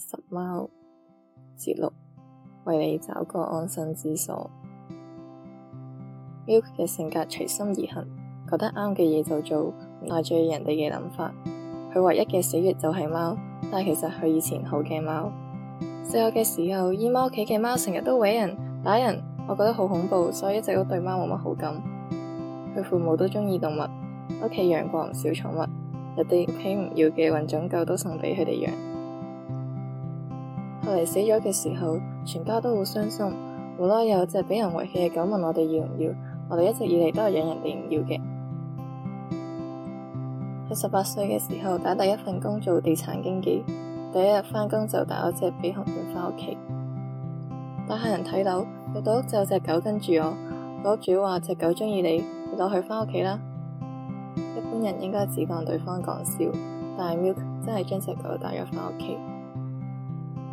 十貓節錄，為你找個安身之所。喵嘅性格隨心而行，覺得啱嘅嘢就做，唔介意人哋嘅諗法。佢唯一嘅死穴就係貓，但係其實佢以前好驚貓。細個嘅時候，姨媽屋企嘅貓成日都毀人打人，我覺得好恐怖，所以一直都對貓冇乜好感。佢父母都鍾意動物，屋企養過唔少寵物，人哋屋企唔要嘅混種狗都送畀佢哋養。後嚟死咗嘅時候，全家都好傷心。無啦有隻俾人遺棄嘅狗問我哋要唔要，我哋一直以嚟都係養人哋唔要嘅。喺十八歲嘅時候打第一份工做地產經紀，第一日返工就帶咗隻比熊犬返屋企。帶客人睇樓，入到屋就有隻狗跟住我。屋主話隻狗中意你，你攞佢返屋企啦。一般人應該只當對方講笑，但係 Milk 真係將隻狗帶咗返屋企。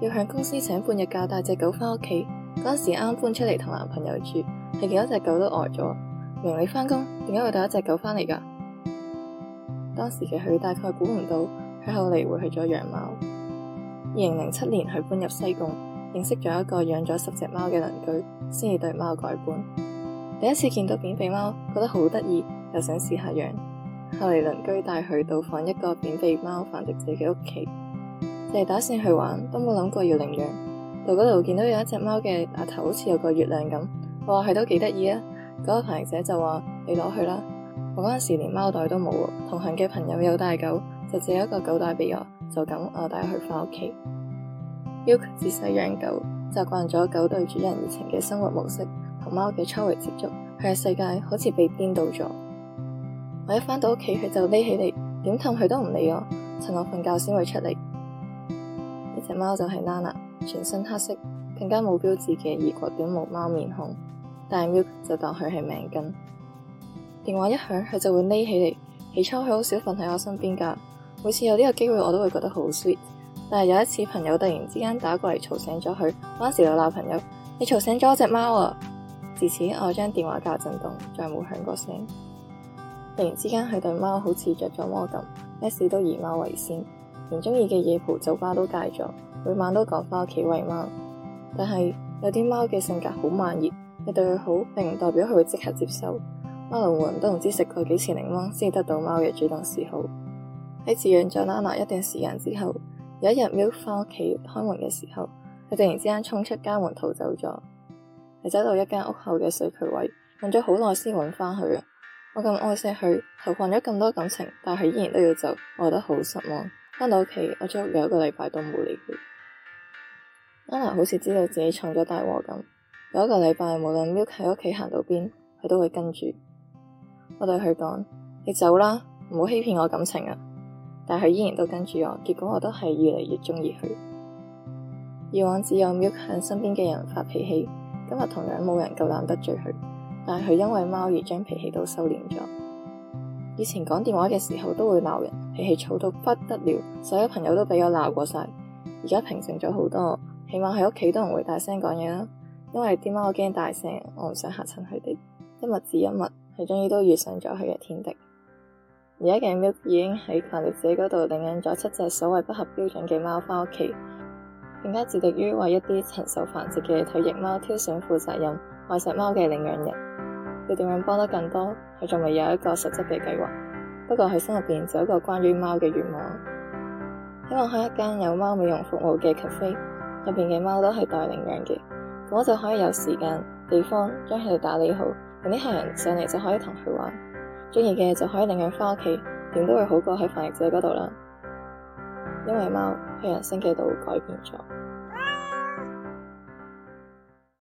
要向公司請半日假帶隻狗翻屋企，嗰時啱搬出嚟同男朋友住，係見一隻狗都呆咗。明你翻工點解會帶一隻狗翻嚟噶？當時嘅佢大概估唔到，佢後嚟會去咗養貓。二零零七年佢搬入西貢，認識咗一個養咗十隻貓嘅鄰居，先至對貓改觀。第一次見到扁肥貓，覺得好得意，又想試下養。後嚟鄰居帶佢到訪一個扁肥貓繁殖者嘅屋企。我哋打算去玩，都冇諗過要領養。路嗰度見到有一隻貓嘅額頭好似有個月亮咁，那個，我話係都幾得意啊。嗰個同行者就話你攞去啦。我嗰陣時連貓袋都冇，同行嘅朋友有帶狗，就借一個狗袋畀我，就咁我帶佢翻屋企。由於自細養狗，習慣咗狗對主人熱情嘅生活模式，同貓嘅抽離接觸，佢嘅世界好似被顛倒咗。我一翻到屋企，佢就匿起嚟，點氹佢都唔理我，趁我瞓覺先會出嚟。隻貓就係 Nana，全身黑色，更加冇標誌嘅異國短毛貓面孔。但係 Milk、er、就當佢係命根。電話一響，佢就會匿起嚟。起初佢好少瞓喺我身邊噶，每次有呢個機會，我都會覺得好 sweet。但係有一次朋友突然之間打過嚟，嘈醒咗佢，嗰陣時就鬧朋友，你嘈醒咗隻貓啊！自此我將電話架震動，再冇響過聲。突然之間，佢對貓好似着咗魔咁，咩事都以貓為先。連中意嘅夜蒲酒吧都戒咗，每晚都趕返屋企餵貓。但係有啲貓嘅性格好慢熱，你對佢好，並唔代表佢會即刻接受。貓奴們都唔知食過幾次檸檬先得到貓嘅主動示好。喺飼養咗安娜一段時間之後，有一日喵翻屋企開門嘅時候，佢突然之間衝出家門逃走咗。佢走到一間屋後嘅水渠位，用咗好耐先揾翻佢啊！我咁愛錫佢，投放咗咁多感情，但係佢依然都要走，我覺得好失望。翻到屋企，我足足有一個禮拜都冇理佢。安娜好似知道自己闖咗大禍咁，有一個禮拜無論 Milk 喺屋企行到邊，佢都會跟住。我對佢講：你走啦，唔好欺騙我感情啊！但係佢依然都跟住我，結果我都係越嚟越鍾意佢。以往只有 Milk 向身邊嘅人發脾氣，今日同樣冇人夠膽得罪佢，但係佢因為貓而將脾氣都收斂咗。以前講電話嘅時候都會鬧人。脾氣躁到不得了，所有朋友都俾我鬧過晒，而家平靜咗好多，起碼喺屋企都唔會大聲講嘢啦。因為啲貓我驚大聲，我唔想吓親佢哋。一物治一物，佢終於都遇上咗佢嘅天敵。而家嘅 Milk 已經喺繁殖者嗰度領養咗七隻所謂不合標準嘅貓翻屋企，更加致力於為一啲曾受繁殖嘅退役貓挑選負責任愛錫貓嘅領養人。要點樣幫得更多，佢仲未有一個實質嘅計劃。不過喺心入邊就有一個關於貓嘅願望，希望開一間有貓美容服務嘅 cafe，入邊嘅貓都係待領養嘅，咁我就可以有時間、地方將佢哋打理好，同啲客人上嚟就可以同佢玩，鍾意嘅就可以領養翻屋企，點都會好過喺繁育者嗰度啦。因為貓，喺人生嘅度改變咗。